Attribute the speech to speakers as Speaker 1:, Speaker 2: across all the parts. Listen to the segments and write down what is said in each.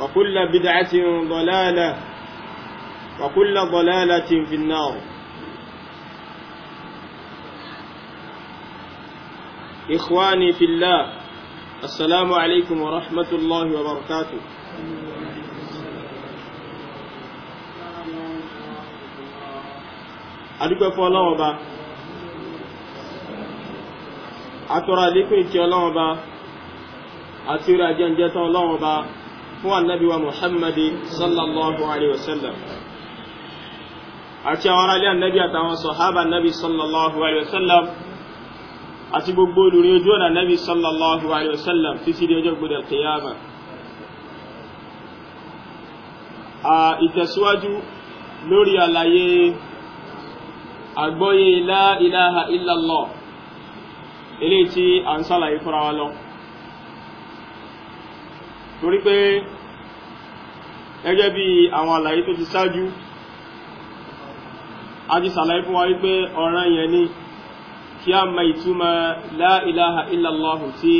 Speaker 1: وكل بدعة ضلالة وكل ضلالة في النار إخواني في الله السلام عليكم ورحمة الله وبركاته adúpẹ́ fún ọlọ́run ọba atọ́ra àdínkù ìkí ọlọ́run ọba àti orí ajẹ́ǹjẹ́ tán ọlọ́run ọba fún ànábì wa muhammadi sallallahu alayhi wa sallam àti àwọn aráalé ànábì àtàwọn sọ̀hábà ànábì sallallahu alayhi wa sallam àti gbogbo olùrí ojú ọ̀nà ànábì sallallahu alayhi wa sallam títí di ọjọ́ gbọdọ̀ kìyàmà ìtẹ̀síwájú lórí àlàyé àgbọ́yé la ilaha illallah eléyìí tí a ń sàlàyé fúnra wa lọ torí pé gẹ́gẹ́ bí àwọn àlàyé tó ti ṣáájú a ti sàlàyé fún wa wípé ọ̀ràn yẹn ni kí a ma ìtumọ̀ la ilaha illallah tí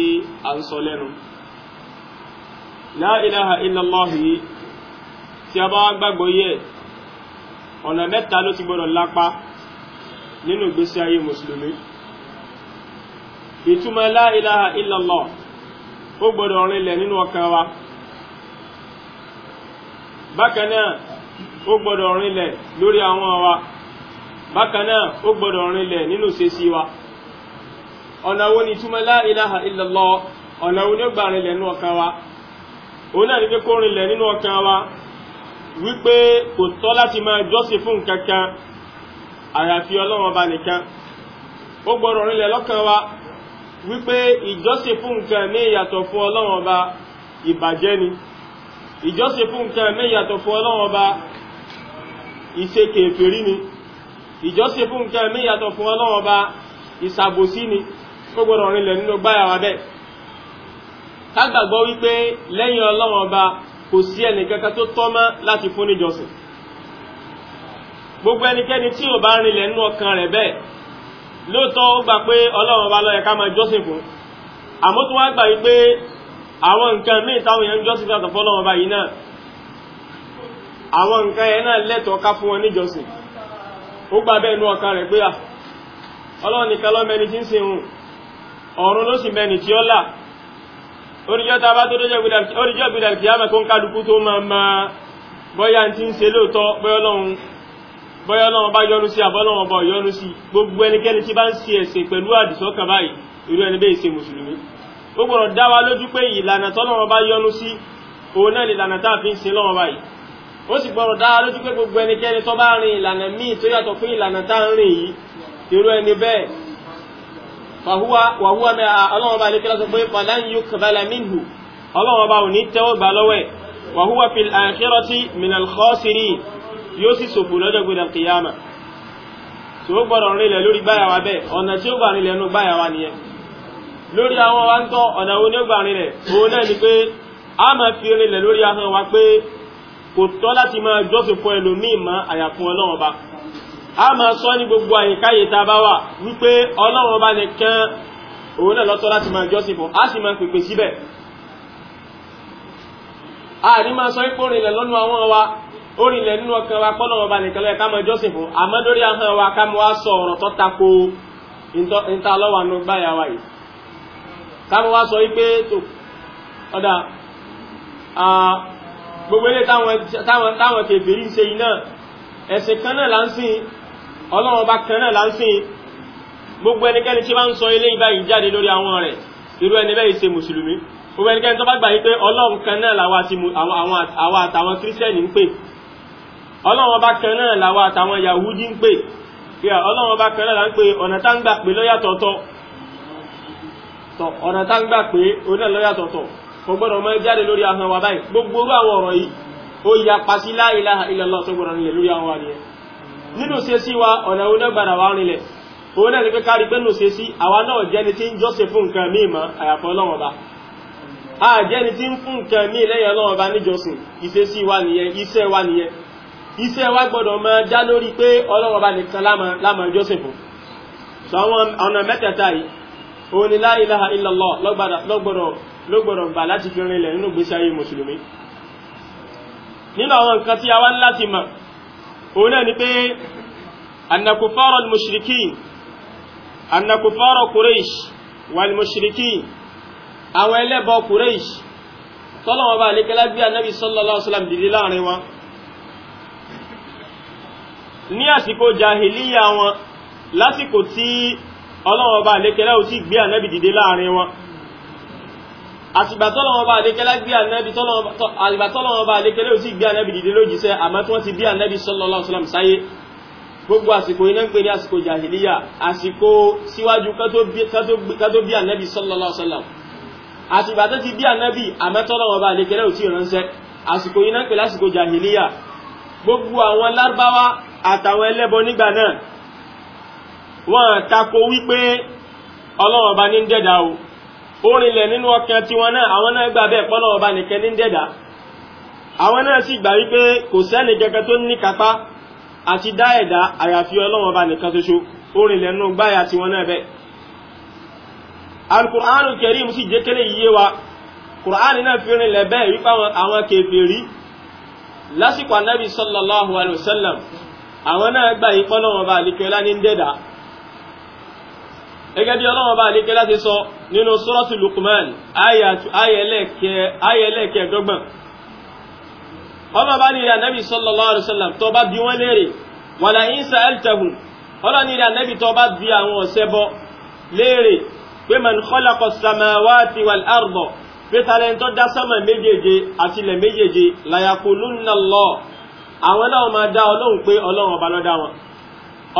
Speaker 1: a ń sọ lẹ́nu la ilaha illallah yìí tí a bá gbàgbọ́ yẹ ọ̀nà mẹ́ta ló ti gbọ́dọ̀ lápá nínú ìgbésí ayé mùsùlùmí ìtumọ̀ la ilaha ó gbọ́dọ̀ rinlẹ̀ nínú ọkàn wa. bákan náà ó gbọ́dọ̀ rinlẹ̀ lórí àwọn wa bákan náà ó gbọ́dọ̀ rinlẹ̀ nínú ṣeṣi wa ọ̀nà wo ni túmọ̀ la ilaha illallah ọ̀nà wo ni ó gbà rinlẹ̀ nínú ọkàn wa òun náà ní pé kó rinlẹ̀ nínú ọkàn wa wípé kò tọ́ láti máa jọ́sìn fún nǹkan kan àyàfi ọlọ́run ọba nìkan ó gbọ́dọ̀ rinlẹ̀ lọ́kàn wa wípé ìjọ́sìn fún nǹkan ní ìyàtọ̀ fún ọlọ́run ọba ìbàjẹ́ ni. ìjọsìn fún nǹkan mẹ́yàtọ̀ fún ọlọ́run ọba ìṣe kèfèrí ni ìjọsìn fún nǹkan mẹ́yàtọ̀ fún ọlọ́run ọba ìṣàbòsí ni kó gbọ́dọ̀ rinlẹ̀ nínú gbáyà wa bẹ́ẹ̀ ká gbàgbọ́ wípé lẹ́yìn ọlọ́run ọba kò sí ẹnìkankan tó tọ́ mọ́ láti fún níjọsìn gbogbo ẹnikẹ́ni tí ò bá rinlẹ̀ nínú ọkàn rẹ̀ bẹ́ẹ̀ lóòótọ́ ó gbà pé ọlọ́run ọba ló àwọn nǹkan míì táwọn èèyàn jọ́sìn fàtọ̀ fọ́lọ́wọ́ báyìí náà àwọn nǹkan ẹ̀ náà lẹ́tọ̀ọ́ ká fún wọn níjọsìn ó gbà bẹ́ẹ̀ ní ọkàn rẹ̀ pé à ọlọ́run nìkan mẹni tí ń sin òun ọ̀run ló sì mẹni tí ó là oríjọ́ a bá tó dójọ́ oríjọ́ ń kálukú tó máa gbogbo ẹnikẹ́ni tí bá ń ẹ̀sìn pẹ̀lú àdìsọ́kàn báyìí irú ó gbọ́dọ̀ dá wa lójú pé ìlànà tọ́lọ́wọ́ bá yọ́nú sí òun náà ìlànà tá a fi ń sin lọ́wọ́ báyìí ó sì gbọ́dọ̀ dá wa lójú pé gbogbo ẹnikẹ́ni tó bá rin ìlànà míì tó yàtọ̀ fún ìlànà tá ń rìn yìí irú ẹni bẹ́ẹ̀ wàhúwa mẹ́ ọlọ́wọ́ bá lékelá sọ pé falan yuqbala minhu ọlọ́wọ́ bá lórí àwọn wa ń tọ́ ọ̀nà wo ní ó gbà rinlẹ̀ òun náà ni pé a máa fi rinlẹ̀ lórí ahọ́n wa pé kò tọ́ láti máa jọ́sìn fún ẹlòmíì mọ́ àyàfún a máa sọ ní gbogbo àyíkáyè tá a bá wà wípé ọlọ́run ọba nìkan òun náà lọ́tọ́ láti máa jọ́sìn fún a sì máa a ní máa sọ lọ́nu àwọn wa nínú ọkàn wa ká máa jọ́sìn fún àmọ́ wa ká máa sọ ọ̀rọ̀ káwọn wá sọ wípé tó ọ̀dà gbogbo ilé táwọn kèfèrí ń ṣe yìí náà ẹ̀sìn kan náà là ń sìn ọlọ́run ọba kan náà là ń sìn gbogbo ẹnikẹ́ni tí wọ́n ń sọ ilé ìbáyìí jáde lórí àwọn rẹ̀ irú ẹni bẹ́ẹ̀ ṣe mùsùlùmí gbogbo ẹnikẹ́ni tó bá gbà yí pé ọlọ́run kan náà làwọn àti àwọn àtàwọn kírísítẹ́nì ń pè ọlọ́run ọba kan náà làwọn àtàwọn yahudi tọ ọ̀nà tá ń gbà pé onílẹ̀ lọ́yà tọ̀tọ̀ kò gbọ́dọ̀ mọ́ jáde lórí ahọ́n wa báyìí gbogbo orú àwọn ọ̀rọ̀ yìí ó ya pasí la ilaha illallah tó gbọ́dọ̀ nílẹ̀ lórí ahọ́n wa nìyẹn nínú ṣe wa ọ̀nà onígbàdà wa rinlẹ̀ òun náà ni pé kárí pé nù ṣe sí àwa náà jẹ́ni tí ń jọ́sìn fún nǹkan míì mọ́ àyàfọ́ ọlọ́wọ́n ba a ni tí ń fún nǹkan míì lẹ́yìn ọlọ́wọ́n ba níjọsìn ìṣe wa nìyẹn iṣẹ́ wa nìyẹn iṣẹ́ wa gbọ́dọ̀ máa já lórí pé ọlọ́wọ́n ba nìkan lámọ̀ jọ́sìn fún. sọ àwọn ọ̀nà mẹ́tẹ̀ẹ̀ta yìí òun ni la ilaha illallah lọ́gbọ̀dọ̀ gbà láti fi rinlẹ̀ nínú gbésí ayé mùsùlùmí nínú àwọn nǹkan tí a wá láti mọ̀ òun náà ni pé annakufara al-mushrikin annakufara Quraysh wal-mushrikin àwọn ẹlẹ́bọ Quraysh tọ́lọ́wọ́ bá lékẹ́lá bí anábì sallallahu ọlọ́run ọba àlékẹ́lá ò sì gbé ànábì dìde láàrin wọn àtìgbà tọ́lọ́run ọba àlékẹ́lá gbé ànábì àtìgbà tọ́lọ́run ọba àlékẹ́lá ò sì gbé ànábì dìde lójíṣẹ́ àmọ́ tí wọ́n ti bí ànábì sallallahu sáyé gbogbo àsìkò iná ń pè ní àsìkò jàhìlíyà àsìkò síwájú ká bí ànábì sallallahu àtìgbà tó ti bí ànábì àmọ́ wọ́n tako wípé ọlọ́run ọba ní ń dẹ̀dá o orinlẹ̀ nínú ọkàn tiwọn náà àwọn náà gbà bẹ́ẹ̀ pé ọlọ́run ọba nìkan ní ń dẹ̀dá àwọn náà sì gbà wípé kò sẹ́ni kankan tó ní kápá àti dá ẹ̀dá àyàfi ọlọ́run ọba nìkan ṣoṣo orinlẹ̀ nínú gbáyà tiwọn náà bẹ́ẹ̀ alukur'anu kẹrim sì jẹ́ kẹ́lẹ́ yíyé wa kur'ani náà fi rinlẹ̀ bẹ́ẹ̀ wípé àwọn kèfèrí lásìkò anábì sallallahu alayhi wa sallam àwọn náà gbà yí pé ọlọ́run ní ń gẹ́gẹ́ bí ọlọ́run bá àlékẹ́ láti sọ nínú sọ́rọ́tù Luqman ayẹlẹ́kẹ̀ẹ́dọ́gbọ̀n ọmọ bá nílẹ̀ ànábì sallallahu alaihi wasallam tó bá bí wọ́n léèrè wà láyín sa'altahum ọlọ́run nílẹ̀ ànábì tó bá bí àwọn ọ̀sẹ́bọ léèrè pé man khalaqa samawati wal arda pé talẹ̀ tó dá sánmà méjèèje àti ilẹ̀ méjèèje la yaqulunna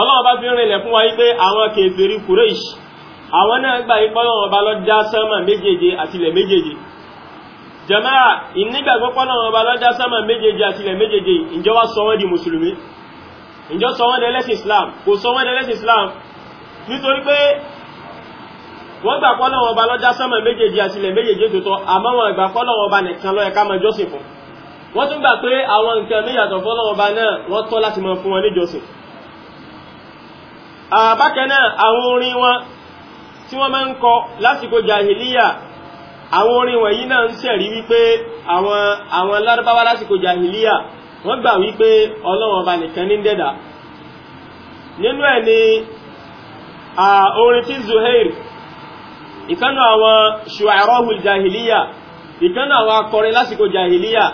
Speaker 1: ọlọ́run bá fi rìnlẹ̀ fún wa yí pé àwọn kèfèrí Quraysh àwọn náà gbà yí pọ́lọ́ ọba lọ dá sánmà méjèèje àtìlẹ̀ méjèèje jàmáà ìnígbàgbọ́ pọ́lọ́ ọba lọ dá sánmà méjèèje àtìlẹ̀ méjèèje ìjọ wá sọ wọ́n di mùsùlùmí ìjọ sọ wọ́n dẹlẹ́sìn Islam kò sọ wọ́n dẹlẹ́sìn Islam nítorí pé wọ́n gbà pọ́lọ́ ọba lọ dá sánmà méjèèje àtìlẹ̀ méjèèje tòótọ́ àmọ́ wọn gbà pọ́lọ́ ọba nìkan ló yẹ ká máa jọ́sìn fún wọ́n tún gbà pé àwọn nǹkan méjàtọ̀ fọ́lọ́ ọba náà wọ́n tọ́ láti máa fún wọn níjọ́sìn àbákẹ́ náà àwọn orin wọn tí wọ́n máa ń kọ lásìkò jahiliya àwọn orin wọ̀nyí náà ń sẹ̀rí wípé àwọn àwọn lárúbáwá lásìkò jahiliya wọ́n gbà wípé ọlọ́wọ́n ọba nìkan ní dẹ́dà nínú ẹ̀ ni orin tí Zuhair ìkánú àwọn ṣùwàrọ́hùl jahiliya ìkánú àwọn akọrin lásìkò jahiliya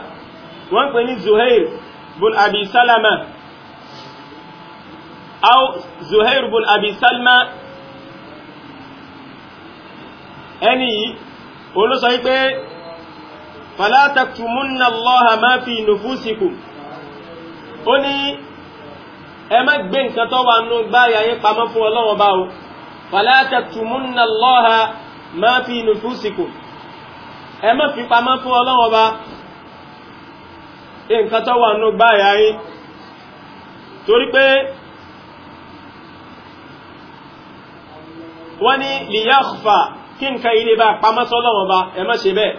Speaker 1: wọ́n pè ní Zuhair bun Abi Salama aw Zuhair bun Abi Salma ẹni yìí olóso wípé fala taktumunna Allaha ma fi nufusikum ó ní ẹ má gbé nǹkan tó wà nù gbáyà yín pamọ́ fún Ọlọ́run bá o fala taktumunna Allaha ma fi nufusikum ẹ má fi pamọ́ fún Ọlọ́run bá nǹkan tó wà nù gbáyà yín torí pé wọ́n ní liyakhfa kí nǹkan ilé bá pamọ́ sọ́lọ́wọ́n bá ẹ má ṣe bẹ́ẹ̀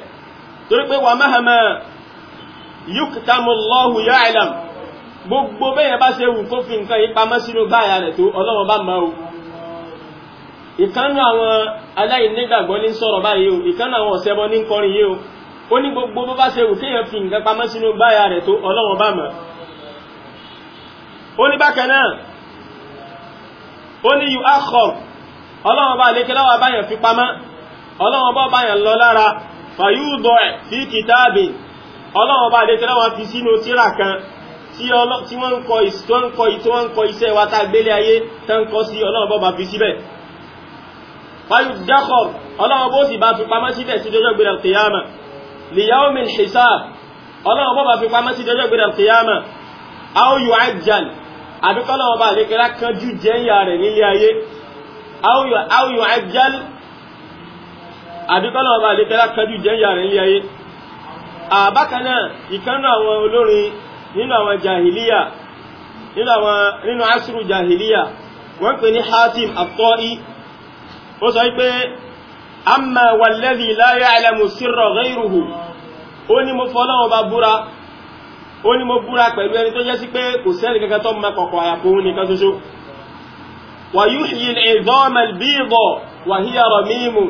Speaker 1: torí pé wà mahama yuktamullahu ya'lam gbogbo bẹ́yẹn bá ṣe wù kó fi nǹkan yìí pamọ́ sínú báyà rẹ̀ tó ọlọ́wọ́n bá máa o ìkánú àwọn aláìnígbàgbọ́ ní sọ̀rọ̀ báyìí o ìkánú àwọn ọ̀sẹ́bọ ní kọrin yìí o ó ní gbogbo bó bá ṣe wù ọlọ́wọ́n bá báyàn lọ lára fàyúdọ̀ ẹ̀ fi kìtàbì ọlọ́wọ́n bá dé tẹ́lá wọn fi sínú tíra kan tí wọ́n ń kọ tó ń kọ tí wọ́n ń kọ iṣẹ́ wa tá gbélé ayé tó ń kọ sí ọlọ́wọ́n bá fi síbẹ̀ fàyúdọ̀ ọlọ́wọ́n bó sì bá fi pamọ́ síbẹ̀ sí dọjọ́ gbéra kìyàmà liyawmin hisab ọlọ́wọ́n àdúgbọ́lọ́ ọba àdékẹ́lá kanjú jẹ́yà rẹ̀ ilé ayé àbákanáà ìkánú àwọn olórin nínú àwọn jahiliya nínú asìrù jahiliya wọ́n pè ní hatim àtọ́í ó sọ wípé amma walladhi la ya'lamu sirra ghayruhu ó ní mo fọ́lọ́ ọba búra ó ní mo búra pẹ̀lú ẹni tó jẹ́ sí pé kò sẹ́ni kankan tó ma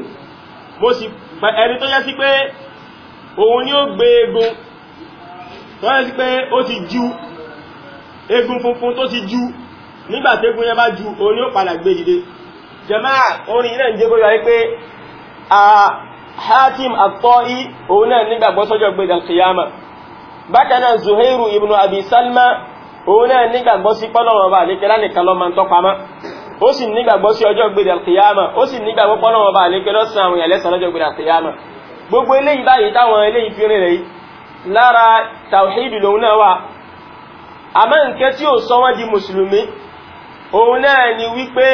Speaker 1: mo sì ẹni tó yẹ́ sí pé òun ni ó gbé egun tó yẹ́ sí pé ó ju egun funfun tó ti ju nígbàtí egun yẹn bá ju òun ni ó padà gbé dìde jàmáà orin ilẹ̀ ìjẹ́ bóyá wípé a Hatim at-Ta'i òun náà nígbàgbọ́ sọ́jọ́ gbé dàkìyàmà na Zuhairu ibn Abi Salma òun náà nígbàgbọ́ sí pọ́lọ́wọ́ bá àlékẹ́lá nìkan lọ́mọ tọ́pamọ́ ó sì nígbàgbọ́ sí ọjọ́ gbèrè àkìyàmà ó sì nígbàgbọ́ pọ́nà wọn bá àlékẹ́ lọ́sàn àwọn ìyàlẹ́sàn lọ́jọ́ gbèrè àkìyàmà gbogbo eléyìí báyìí táwọn eléyìí fi rìn rẹ̀ yìí lára tàwíìdì lòun náà wà àmọ́ nǹkan tí ó sọ di mùsùlùmí òun náà ni wípé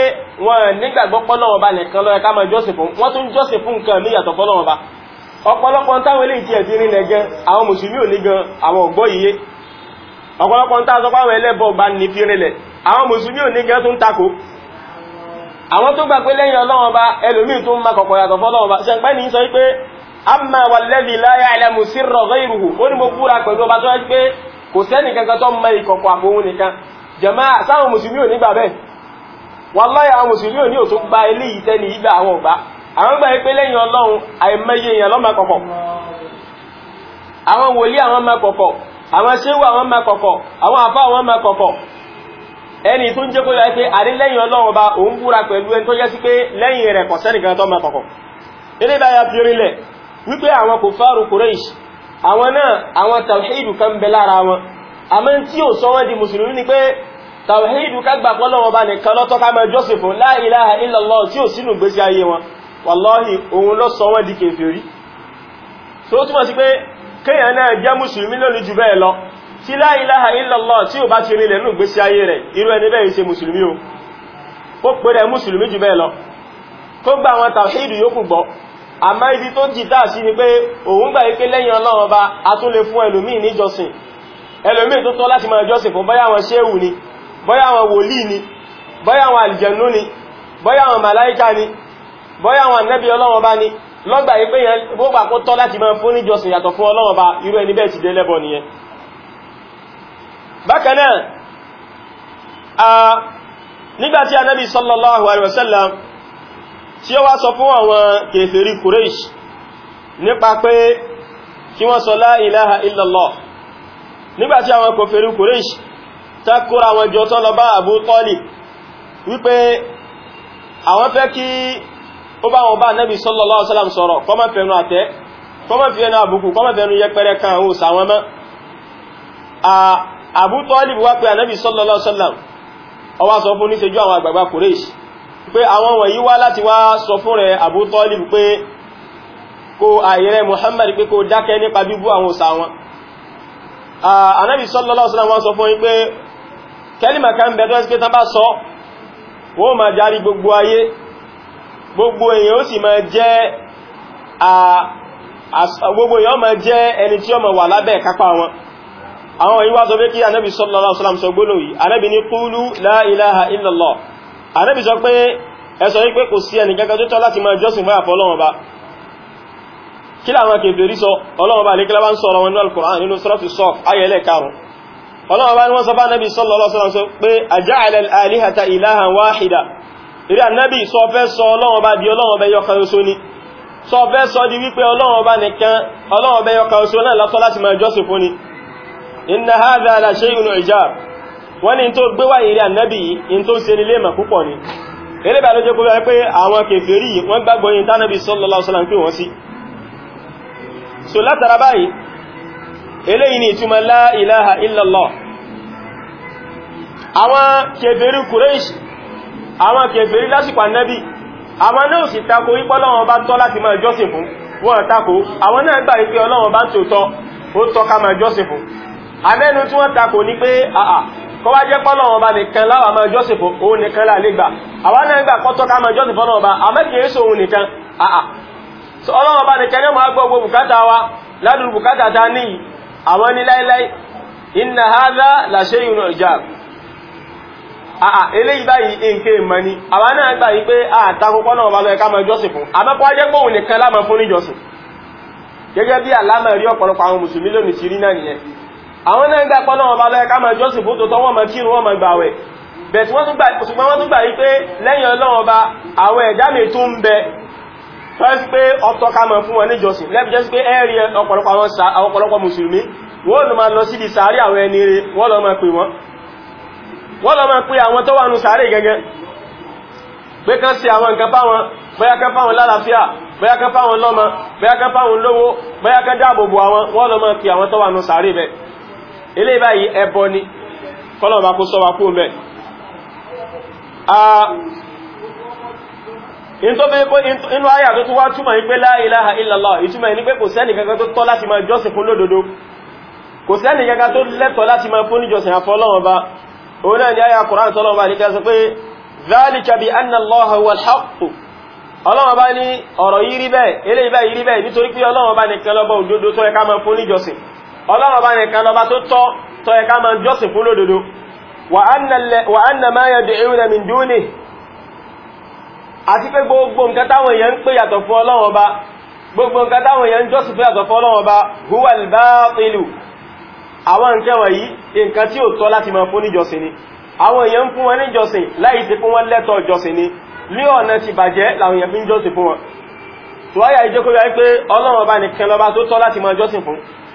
Speaker 1: wọn nígbàgbọ́ wọn bá nìkan lọ́yẹ ká máa jọ́sìn fún wọ́n tún jọ́sìn fún nǹkan mí ọ̀pọ̀lọpọ̀ ti àwọn ẹlẹ́bọ̀ àwọn tó gbà lẹ́yìn ọlọ́wọ́n bá ẹlòmíì tó ń ma kọ̀kọ̀ yàtọ̀ fọ́lọ́wọ́n bá ṣẹ̀pẹ́ ní sọ pé amma walladhi la ya'lamu sirra ghayruhu ó ní mo búra pẹ̀lú ọba tó ń pé kò sẹ́ni kankan tó ń mọ ìkọ̀kọ̀ àbòhun nìkan jàmáà sáwọn mùsùlùmí ò ní gbà bẹ́ẹ̀ wallahi àwọn mùsùlùmí ò ní òtún gba eléyìí tẹ́ni ìgbà àwọn ọ̀gbá àwọn gbà pé lẹ́yìn ọlọ́run àìmọye èèyàn lọ́mọ kọ̀kọ̀ àwọn wòlíì àwọn ọmọ kọ̀kọ̀ àwọn ṣéwù àwọn ọmọ kọ̀kọ̀ àwọn àfá àwọn ọmọ kọ̀kọ̀ ẹni tó ń jẹ́ kó yọ pé àrí lẹ́yìn ọlọ́run ọba òun búra pẹ̀lú ẹni tó yẹ sí pé lẹ́yìn rẹ̀ kọ̀sẹ́nìkan tó mọ kọ̀kọ̀ eré báyà fi rinlẹ̀ wípé àwọn kò fáàrù kùrẹ́ṣì àwọn náà àwọn tàwíìdù kan bẹ lára wọn àmọ́ tí ò sọ wọ́n di mùsùlùmí ni pé tàwíìdù ká gbà pọ́lọ́run ọba nìkan lọ́tọ́ ká máa jọ́sìn fún la ilaha illallah tí ò sínú gbésí ayé wọn wàláhì òun ló sọ wọ́n di kèfèrí tó túmọ̀ sí pé kéèyàn náà jẹ́ mùsùlùmí lónìí jù bẹ́ẹ̀ lọ tí la ilaha illallah tí ò bá ti rinlẹ̀ nù gbésí ayé rẹ̀ irú ẹni bẹ́ẹ̀ ṣe mùsùlùmí o ó pè rẹ̀ mùsùlùmí jù bẹ́ẹ̀ lọ kó gba àwọn tàwíìdì yókù gbọ́ àmọ́ ibi tó jìtá sí ni pé òun gbà pé lẹ́yìn ọlọ́run ọba a tún lè ni bọ́yá àwọn wòlíì ni bọ́yá àwọn àlìjẹ̀nú ni bọ́yá àwọn màláíkà ni bọ́yá àwọn ànábì ọlọ́run ọba ni lọ́gbà pé yẹn gbogbo àkótọ́ láti máa fún níjọsìn yàtọ̀ fún ọlọ́run irú ẹni bẹ́ẹ̀ ti délẹ́bọ̀ nìyẹn bákan náà nígbàtí anábi sallallahu alaihi wasallam tí ó wá sọ fún àwọn kèfèrí Quraysh nípa pé kí wọ́n sọ la ilaha illallah nígbàtí àwọn kèfèrí Quraysh tá kóra wọn jọ tán lọ bá Abu Talib wípé àwọn fẹ́ kí ó bá wọn bá anábi sallallahu Abu Talib wá pé ànábì sallallahu alaihi wasallam ó wá sọ fún níṣẹ́jú àwọn àgbàgbà Quraysh pé àwọn wọ̀nyí wá láti wá sọ fún rẹ̀ Abu Talib pé kó àìrẹ Muhammad pé kó dákẹ́ nípa bíbú àwọn òsà wọn ànábì sallallahu alaihi wasallam wá sọ fún yín pé kẹ́lìmà kan bẹ̀ tó ẹ́sì pé tán bá sọ wọ́n máa darí gbogbo ayé gbogbo èèyàn wọn àwọn ìwá sọ pé kí anábi sallallahu alaihi wasallam sọ gbólò yìí anábi ní qulu la ilaha illallah anábi sọ pé ẹsọ wípé kò sí ẹni gẹ́gẹ́ tó tọ́ láti máa jọ́sìn fún àfọ́ ìrí anábi sọ fẹ́ sọ ọlọ́run ba di ọlọ́run bẹ yọkan oṣo ni sọ fẹ́ sọ di wípé ọlọ́run ba nìkan ọlọ́run bẹ yọkan oṣo náà lásọ láti máa jọ́sìn fún ni inna hadha la shay'un ijab wọ́n ní tó gbé wá ìrìn ànábì in tó ṣe nílé mà púpọ̀ ni eré bá ló jẹ́ kúrò pé àwọn kèfèrí wọ́n gbàgbọ́ yìí tánàbí sallallahu alaihi wasallam pé wọ́n sí so látara báyìí eléyìí ni ìtumọ̀ la ilaha illallah àwọn kèfèrí Quraysh àwọn kèfèrí lásìkò ànábì àwọn náà sì tako wípé Ọlọ́run bá tọ́ láti máa jọ́sìn fún wọn tako àwọn náà gbà wípé Ọlọ́run bá ń tòótọ́ ó tọ́ ká máa jọ́sìn fún abẹ́nu tí wọ́n takò ní pé àà kọ́ wá jẹ́ pọ́nà ọba nìkan láwà máa jọ́sìn fún òun nìkan láàlé gbà àwọn náà gbà kọ́ tọ́ka máa jọ́sìn fọ́nà ọba àmẹ́kìyèsí òun nìkan àà ọlọ́run ọba nìkan ní ọmọ agbọ́ gbogbo bùkátà wa ládùn bùkátà ta ní àwọn ní láíláí la àà eléyìí báyìí nké mọ́ ni àwọn náà gbà yí pé pọ́nà ọba lọ́ẹ̀ká máa jọ́sìn àmẹ́kọ́ àwọn náà gbà pọ́nà ọba lọ́yẹ ká máa jọ́sìn fún tòótọ́ wọ́n máa kírun wọ́n máa gbàwẹ̀ bẹ̀tí wọ́n tún gbà ṣùgbọ́n wọ́n tún gbà yí pé lẹ́yìn ọlọ́run ọba àwọn ẹ̀dá mi tún ń bẹ fẹ́ẹ́sì pé ọ̀tọ̀ ká máa fún wọn níjọsìn lẹ́bi jẹ́sí pé ẹ́ẹ̀rí ọ̀pọ̀lọpọ̀ àwọn ọ̀pọ̀lọpọ̀ mùsùlùmí wọ́n lọ máa lọ sí di sàárì àwọn ẹni rẹ̀ wọ́n lọ máa pè wọ́n wọ́n lọ máa pè àwọn tó wà nù sàárì gẹ́gẹ́ pé kán sí àwọn nǹkan fáwọn bóyá kán fáwọn lálàáfíà bóyá kán fáwọn lọ́mọ bóyá kán fáwọn lówó bóyá kán dáàbòbò àwọn wọ́n lọ máa pè àwọn tó wà nù sàárì bẹ́ẹ̀ eléyìí báyìí ẹbọ ni kọ́lọ̀ bá kó sọ wa kú mẹ́ inú ayà tó tún wá túmọ̀ ní pé la ilaha illallah ìtumọ̀ ní pé kò sẹ́ni kankan tó tọ́ láti máa jọ́sìn fún lódodo kò sẹ́ni kankan tó lẹ́tọ̀ láti máa fún níjọsìn àfọ́lọ́wọ́n bá òun náà ni ayà Kùránì tọ́lọ́wọ́n bá ní kẹ́ sọ pé dhalika bi anna Allaha huwal haqq ọlọ́wọ́n bá ní ọ̀rọ̀ yìí rí bẹ́ẹ̀ eléyìí báyìí ọlọ́run bá nìkan lọba tó tọ́ tọ́ ẹ̀ká máa jọ́sìn fún lódodo wa anna ma yad'una min duni àti pé gbogbo nǹkan táwọn èèyàn ń pè yàtọ̀ fún ọlọ́run ọba gbogbo nǹkan táwọn èèyàn ń jọ́sìn fún yàtọ̀ fún ọlọ́run ọba huwa al-batilu àwọn nǹkan wọ̀nyí nǹkan tí ó tọ́ láti máa fún níjọsìn ni àwọn èèyàn ń fún wọn níjọsìn láì sí fún wọn lẹ́tọ̀ọ́ jọsìn ni ní ọ̀nà ti bàjẹ́ làwọn èèyàn fi ń jọsìn fún wọn tùwáyà ìjókòó yá pé ọlọ́run ọba nìkan lọba tó tọ́ láti máa jọsìn fún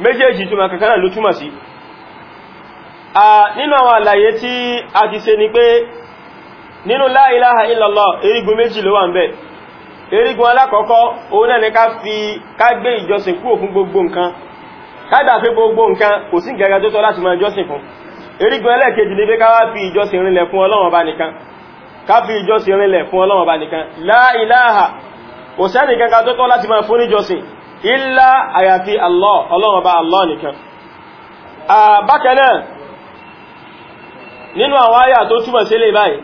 Speaker 1: méjèèjì túnmà kankaná ló túnmà sí nínú àwọn àlàyé tí a ti ṣe ni pé nínú la ilaha illallah erigun méjì ló wà ń bẹ erigun alákọ̀ọ́kọ́ òun náà ni ká fi ká gbé ìjọsìn kúrò fún gbogbo nǹkan ká dá pé gbogbo nǹkan kò sí gẹ́gẹ́ tó tọ́ láti máa jọ́sìn fún erigun ẹlẹ́ẹ̀kejì ni pé ká wá fi ìjọsìn rinlẹ̀ fún Ọlọ́run ọba nìkan ká fi ìjọsìn rinlẹ̀ fún Ọlọ́run ọba nìkan la ilaha kò sẹ́nìkan ká tó tọ́ láti máa fún níjọsìn illa àyàfi Allah ọlọ́run ọba Allah nìkan bákanáà nínú àwọn àyà tó túmọ̀ sí lè báyìí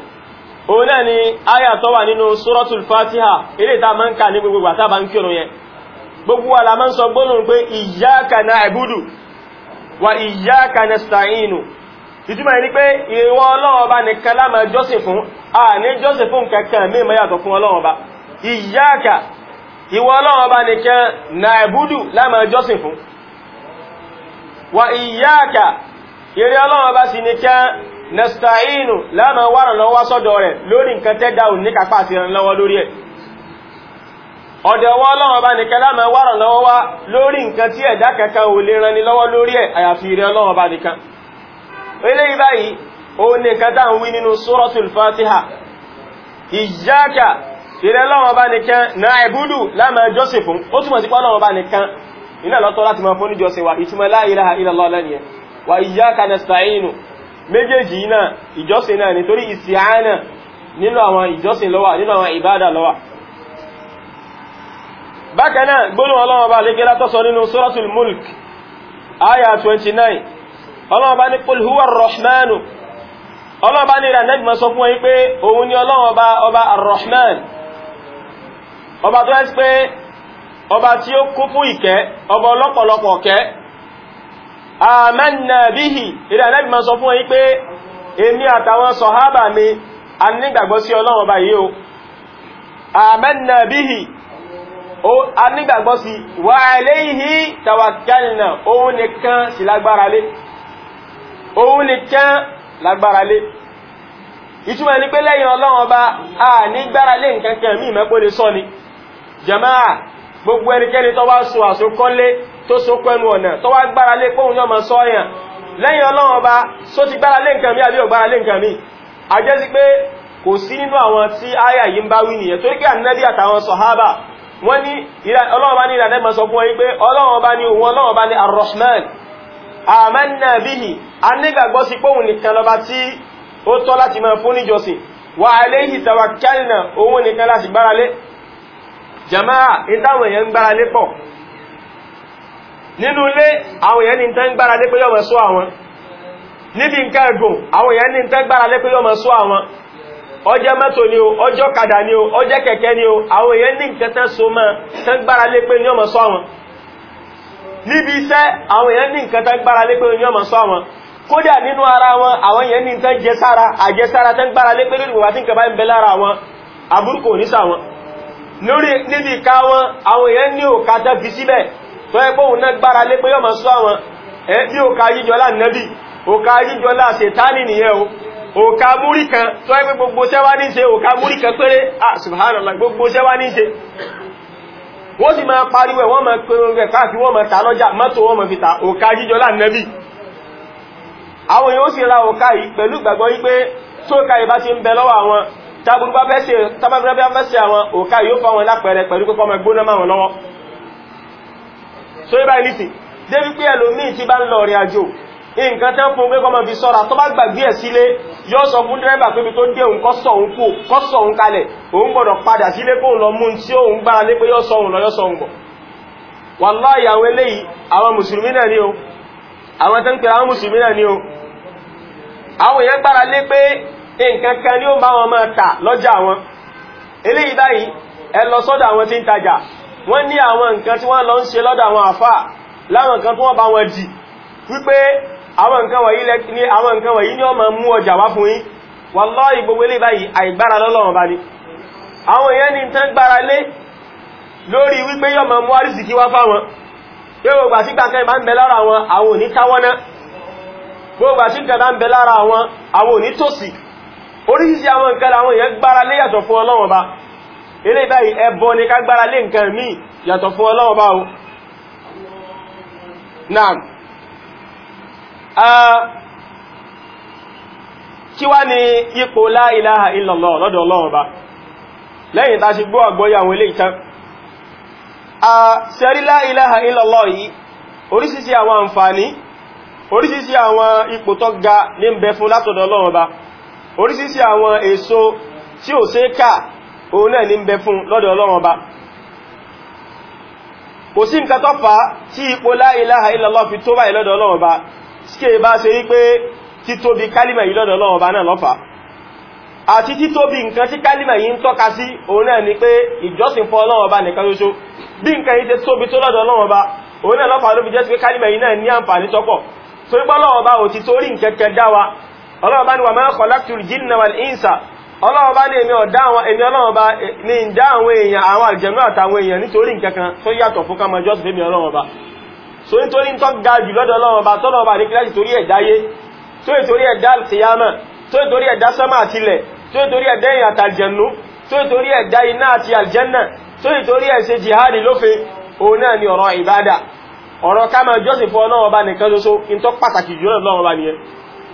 Speaker 1: òun náà ni àyà tó wà nínú suratul fatiha ilé ìta máa ń kà ní gbogbo àtà ń kírun yẹn gbogbo wa la máa ń sọ gbólóhùn pé iyyaka wa iyyaka nasta'inu ìtumọ̀ pé ìwọ ọlọ́run ọba jọ́sìn fún a ní jọ́sìn fún ìwọ ọlọ́run ọba nìkan nàìbúdù láàmà jọ́sìn fún wà ìyáàkà eré ọlọ́run ọba sì nìkan nasta'inu láàmà wàrán lọ́wọ́ sọ́dọ̀ rẹ̀ lórí nǹkan tẹ́dà ò ní kápá àti ìrànlọ́wọ́ lórí ẹ̀ ọ̀dọ̀ ọwọ́ ọlọ́run ọba nìkan láàmà wàrán lọ́wọ́ wá lórí nǹkan tí ẹ̀dá kankan ò lè ran ni lọ́wọ́ lórí ẹ̀ àyàfi eré ọlọ́run ọba nìkan eléyìí báyìí ó ní nǹkan wí nínú suratul fatiha ìyáàkà ìrẹ́ lọ́wọ́ bá nìkan náà ẹ̀búdù láàmà jọ́sìn fún ó túnmọ̀ sí pọ́ lọ́wọ́ bá nìkan iná lọ́tọ́ láti máa fún ìjọsìn wa ìtumọ̀ la ilaha illallah lẹ́ni ẹ̀ wa iyyaka méjèèjì náà ìjọsìn náà nítorí ìsìáánà nínú àwọn ìjọsìn lọ́wà nínú àwọn ìbádà lọ́wà bákan náà gbónú ọlọ́wọ́ bá lékè látọ́sọ nínú suratul mulk aya 29 ọlọ́wọ́ bá ní qul rahmanu ọlọ́wọ́ bá ní ìrànẹ́gbọ̀n sọ fún wọn pé òun ni ọlọ́wọ́ bá ọba rahman ọba tó ẹ́sí pé ọba tí ó kún fún ìkẹ́ ọba ọlọ́pọ̀lọpọ̀ kẹ́ àmẹ́nà bíhì ilẹ̀ anẹ́bì máa sọ fún ẹ̀yin pé èmi àtàwọn sọ̀hábà mi a nígbàgbọ́ sí ọlọ́run ọba yìí o àmẹ́nà bíhì a nígbàgbọ́ sí wà aléhì tàwàkálìnà òun nìkan sì lágbára lé òun nìkan lágbára lé ìtumọ̀ ní pé lẹ́yìn ọlọ́run ọba a nígbára lé nǹkan kan mí mẹ́kó lè sọ ni jamaa gbogbo ẹnikẹ́ni tó wá so àsokọ́lé tó so pẹ́nu ọ̀nà tó wá gbára lé kóhun náà máa sọ́yàn lẹ́yìn ọlọ́run ọba só ti gbára lé nǹkan mi àbí ò gbára lé nǹkan mi a jẹ́ sí pé kò sí nínú àwọn tí àyà yìí ń bá wí nìyẹn torí pé ànẹ́bí àtàwọn sọ̀hábà wọ́n ní ọlọ́run ọba ní ìlànà máa sọ fún wọn pé ọlọ́run ọba ní òun ọlọ́run ọba ní arrahman amanna bihi sí póhun nìkan lọba tí ó tọ́ láti máa fún níjọsìn wa alayhi tawakkalna òun nìkan láti gbára lé Jamaa ìtàwọn èèyàn ń gbára lé pọ̀ nínú ilé àwọn èèyàn ní tẹ́ ń gbára lé pé yọ́ sọ àwọn níbi nǹkan ẹ̀gùn àwọn èèyàn ní tẹ́ gbára lé pé yọ́ sọ àwọn ọjẹ́ mọ́tò ni o ọjọ́ kàdà ni o ọjẹ́ kẹ̀kẹ́ ni o àwọn èèyàn ní nǹkan tẹ́ so mọ́ tẹ́ gbára lé pé yọ́ mọ̀ sọ àwọn níbi iṣẹ́ àwọn èèyàn ní nǹkan tẹ́ gbára lé pé yọ́ mọ̀ sọ àwọn kódà nínú ara wọn àwọn èèyàn ní tẹ́ jẹ sára àjẹsára tẹ́ gbára lé pé lórí wà tí nǹkan bá ń bẹ lára wọn àbúrúkò ní sáwọn lórí níbi ìka wọn àwọn èèyàn ní òka tán fi síbẹ̀ tó ẹ pé òun náà gbára lé pé yóò máa sọ àwọn ẹ bí òka yíjọlá nẹ́bì òka yíjọlá ṣètánì nìyẹn o òka múrí kan tó ẹ gbogbo sẹ́wá ní ṣe òka múrí kan péré ah subhanallah gbogbo sẹ́wá ní ṣe wọ́n sì máa pariwo wọ́n máa pe orin rẹ̀ káàkiri wọ́n máa ta lọ́jà mọ́tò wọ́n máa fi ta òka jíjọlá tábùrú bá fẹ́ ṣe tábàbúrú bá fẹ́ ṣe àwọn òkà yóò fọ́ wọn lápẹẹrẹ pẹ̀lú pípọ́ ọmọ gbóná máa wọn lọ́wọ́ so ibà ìlísì débi pé ẹlòmíì ti bá ń lọ ọ̀rìn àjò nǹkan tán fún gbégbọ́ ọmọ fi sọ́ra tó bá gbàgbé ẹ̀ sílé yóò sọ fún dírẹ́bà pé ibi tó dé òun kọ́ sọ òun kú kọ́ sọ òun kalẹ̀ òun gbọ́dọ̀ padà sílé kóun lọ mú tí òun gbára lé pé yóò sọ òun lọ yóò sọ òun bọ̀ wàláhì àwọn eléyìí àwọn mùsùlùmí náà ni o àwọn tó ń pè àwọn mùsùlùmí náà ni o àwọn èèyàn gbára lé pé nǹkan kan ni ó bá wọn máa tà lọ́jà wọn eléyìí báyìí ẹ lọ sọ́dọ̀ àwọn tí ń tajà wọ́n ní àwọn nǹkan tí wọ́n lọ ń ṣe lọ́dọ̀ àwọn àfà láwọn nǹkan tí wọ́n bá wọn dì wípé àwọn nǹkan wọ̀nyí ni àwọn nǹkan wọ̀nyí ni ó máa mú ọjà wá fún yín wallahi gbogbo eléyìí báyìí àìgbára lọ́lọ́run bá ní àwọn èèyàn ní tán gbára lé lórí wípé yóò máa mú àrísìkí wá fáwọn yóò gbà sí kankan ìbá ń bẹ lára àwọn àwọn òní káwọ́ná gbogbo àti bá ń bẹ lára àwọn àwọn òní tòsí orisi àwọn nǹkan làwọn èèyàn gbára lé yàtọ̀ fún Ọlọ́run Ọba ilé báyìí ẹbọ ni ká gbára lé nǹkan míì yàtọ̀ fún Ọba o Na kí wá ní ipò la ilaha illallah a ṣe gbọ́ àgbọ́yé àwọn a àǹfààní oríṣiríṣi àwọn ipò tó ga ní ń bẹ fún látọ̀dọ̀ oríṣiríṣi àwọn èso tí ò ṣe ká òun náà ní ń bẹ fún lọ́dọ̀ ọlọ́run ọba kò sí nǹkan tó fà á tí ipò fi tó báyìí lọ́dọ̀ ọlọ́run ọba síkè bá ṣe rí pé títóbi kálímà yìí lọ́dọ̀ ọlọ́run ọba náà lọ́fà àti títóbi nǹkan tí kálímà yìí ń tọ́ka sí òun náà ni pé ìjọsìn fún ọlọ́run ọba nìkan ṣoṣo bí nǹkan yìí ṣe tóbi tó lọ́dọ̀ ọlọ́run ọba òun náà lọ́fà ló fi jẹ́ sí pé kálímà yìí náà ní ọlọ́wọ́ bá ní wà máa khalaqtul jinna wal insa ọlọ́wọ́ bá ní èmi ọ̀dá àwọn èmi ọlọ́wọ́ bá ní ìdá àwọn èèyàn àwọn àlùjànnú àtàwọn èèyàn nítorí nǹkankan tó yàtọ̀ fún kama jọ́sìn fẹ́mi ọlọ́wọ́ bá so nítorí tó ga jù lọ́dọ̀ ọlọ́wọ́ bá tọ́lọ́wọ́ bá ní kíláàsì torí ẹ̀dá yé tó ìtorí ẹ̀dá kìyàmà tó ìtorí ẹ̀dá sánmà àtilẹ̀ tó ìtorí ẹ̀dá èèyàn àtàlùjànnú tó ìtorí ẹ̀dá iná àti àlùjánnà tó ìtorí ẹ̀ṣẹ̀ jihadi lófin òun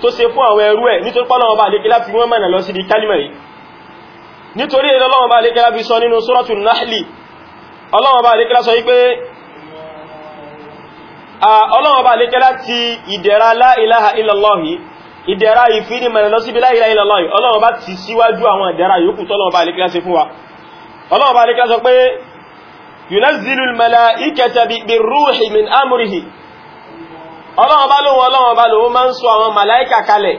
Speaker 1: tó ṣe fún àwọn ẹrú ẹ̀ nítorí pọ́lọ́wọ́ bá lékelá fi wọ́n mẹ́nà lọ sí di kálímẹ̀rí nítorí ìlọ́lọ́wọ́ bá lékelá fi sọ nínú sọ́rọ̀tù náhìlì ọlọ́wọ́ bá lékelá sọ wípé ọlọ́wọ́ bá lékelá ti ìdẹ̀ra la ilaha illallahi ìdẹ̀ra ìfini mẹ́nà lọ sí di la ilaha illallahi ọlọ́wọ́ bá ti síwájú àwọn ọlọ́run bá lóhun ọlọ́run bá lóhun máa ń sọ àwọn màláìkà kalẹ̀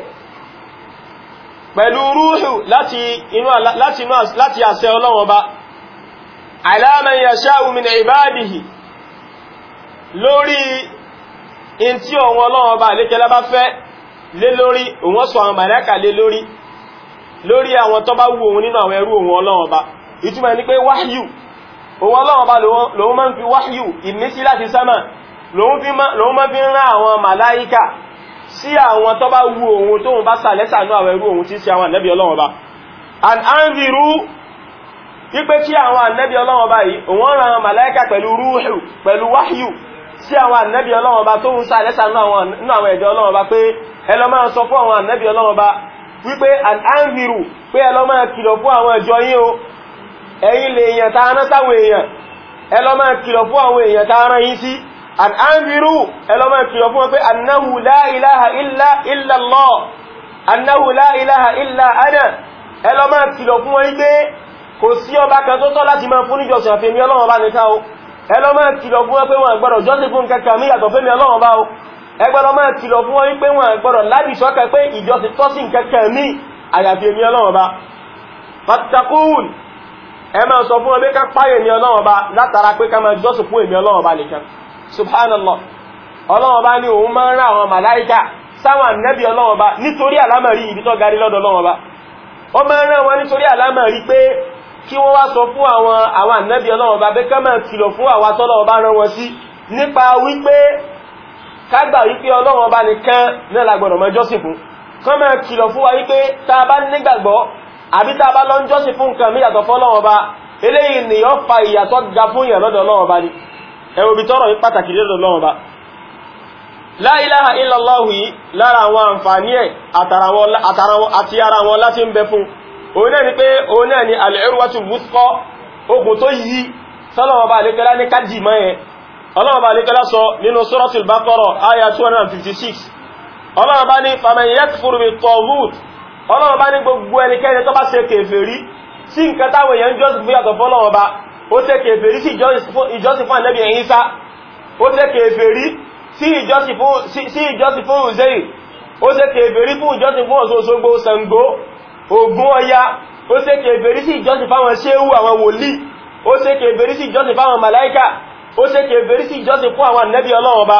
Speaker 1: pẹ̀lú rúhù láti àṣẹ ọlọ́run bá ala man yasha'u min ibadihi lórí in tí ọ̀wọ́n ọlọ́run bá lékẹ́lá bá fẹ́ lé lórí òun sọ àwọn màláìkà lé lórí lórí àwọn tó bá wù òun nínú àwọn ẹrú òun ọlọ́run bá ìtumọ̀ ní pé wáyù òun ọlọ́run bá lòun máa ń fi wáyù ìmísí láti sámà lòun máa fi ń rán àwọn màláíkà sí àwọn tó bá wu òun tóun bá sàlẹ́sàánú àwọn ẹrú òun tí sí àwọn ànẹ́bí ọlọ́wọ́ bá and anziru wípé kí àwọn ànẹ́bí ọlọ́wọ́ bá yìí òun rán àwọn màláíkà pẹ̀lú rúhù pẹ̀lú wáhíù sí àwọn ànẹ́bí ọlọ́wọ́ bá tóun sàlẹ́sàánú àwọn ẹ̀dẹ́ an anziru ẹlọ́mọ ìkìlọ̀ fún wọn pé annahu la ilaha illa illa Allah annahu la ilaha illa ana ẹlọ́mọ ìkìlọ̀ fún wọn pé kò sí ọba kan tó tọ́ láti máa fún níjọsìn àfihàn mi ọlọ́run bá nìkan o ẹlọ́mọ ìkìlọ̀ fún wọn pé wọn gbọ́dọ̀ jọ́sìn fún kankan mi yàtọ̀ fẹ́mi ọlọ́run bá o ẹgbọ́dọ̀ máa kìlọ̀ fún wọn pé wọn gbọ́dọ̀ láti sọ́kẹ́ pé ìjọsìn tọ́sìn kankan mi àyàfi èmi ọlọ́run bá subhanallah ọlọ́wọ́n bá ní òun máa ń rán àwọn màláíkà sáwọn ànábì ọlọ́wọ́n bá nítorí àlámọ̀rí ibi tó garí lọ́dọ̀ ọlọ́wọ́n bá ó máa ń rán wọn nítorí àlámọ̀rí pé kí wọ́n wá sọ fún àwọn àwọn ànábì ọlọ́wọ́n bá bẹ́ ká máa kìlọ̀ fún àwa tọ́lọ́wọ́n bá rán wọn sí nípa wípé kágbà wípé ọlọ́wọ́n bá nìkan náà lágbọ̀dọ̀ mọ́ jọ́sìn fún kán máa kìlọ̀ fún ẹwọ́ bí tọ́rọ̀ pàtàkì lẹ́rọ lọ́wọ́ba la ilaha illallahu yìí lára àwọn àǹfààní ẹ̀ àti ara wọn láti ń bẹ fún òun náà ni pé òun náà ni al-urwatu wuthqa okùn tó yí sọ́lọ́wọ́ba àlékẹ́lá ní kájì mọ́ ẹ̀ ọlọ́wọ́ba àlékẹ́lá sọ nínú suratul baqara aya 256 ọlọ́wọ́ba ní faman yakfur bit-taghut ọlọ́wọ́ba ní gbogbo ẹnikẹ́ni tó bá ṣe ó tẹ́ kèfèrí sí ìjọsìn fún ànábì Ìsá ó tẹ́ kèfèrí sí ìjọsìn fún Uzayr ó tẹ́ kèfèrí fún ìjọsìn fún Ọ̀ṣun-Òṣogbo Ṣàngó Ògún Ọya ó tẹ́ kèfèrí sí ìjọsìn fáwọn ṣéhù àwọn wòlíì ó tẹ́ kèfèrí sí ìjọsìn fáwọn màláíkà ó tẹ́ kèfèrí sí ìjọsìn fún àwọn ànábì Ọlọ́run Ọba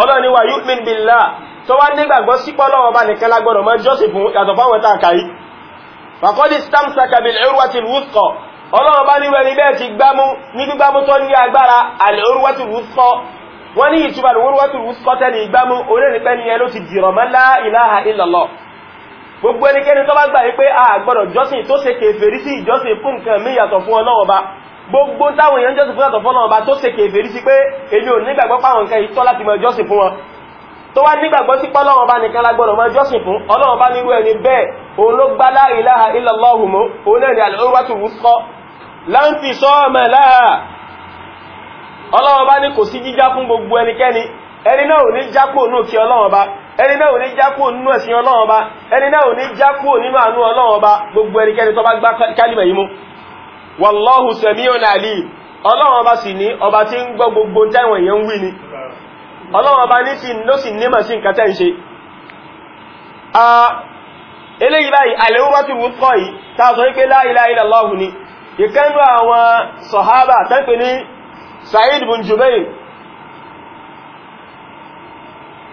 Speaker 1: Ọlọ́run ni wà yu'min billah tó wá nígbàgbọ́ sípọ́ lọ́wọ́ bá nìkan lágbọ́dọ̀ mọ́ jọ́sìn fún yàtọ̀ fáwọn tàkàí fàkọ́dí stamsaka bil urwatil wuthqa ọlọ́run bá níwẹ̀ ní bẹ́ẹ̀ ti gbámú ní gbígbámú tó ní agbára àlòrúwẹ́tùrú sọ wọ́n ní ìtumọ̀ àlòrúwẹ́tùrú sọ tẹ́ni ìgbámú orílẹ̀-èdè ni ẹ ló ti dìrọ̀ mọ́ la ilaha illallah gbogbo ẹnikẹ́ni tó bá gbà wípé a gbọ́dọ̀ jọ́sìn tó ṣe kèfèrí sí ìjọ́sìn fún nǹkan mí yàtọ̀ fún ọlọ́run ọba gbogbo táwọn èèyàn jọ́sìn fún yàtọ̀ fún ọlọ́run ọba tó ṣe kèfèrí sí pé èmi ò nígbàgbọ́ páwọn nǹkan yìí tọ́ láti mọ jọ́sìn fún wọn tó wá nígbàgbọ́ sí pọ́lọ́wọ́ bá nìkan lágbọ́dọ̀ máa jọ́sìn fún ọlọ́wọ́ bá nírú ẹni bẹ́ẹ̀ òun ló gbá la ilaha òun náà ni àlọ́wọ́ láǹfì sọ́ọ̀mẹ̀ láà ọlọ́wọ́ bá ní kò sí jíjá fún gbogbo ẹnikẹ́ni ẹni náà ò ní jápò nù kí ọlọ́wọ́ bá ẹni náà ò ní jápò nínú ẹ̀sìn ọlọ́wọ́ bá ẹni náà ò ní jápò nínú àánú ọlọ́wọ́ bá gbogbo ẹnikẹ́ni tó bá gbá kálímẹ̀ yìí mú wallahu sami'un alim ọlọ́wọ́ bá sì ní ọba tí ń gbọ́ gbogbo táwọn èèyàn ń wí ni ìkánú àwọn sọ̀hábà tẹ́pẹ̀ ní Sa'id bin Jubair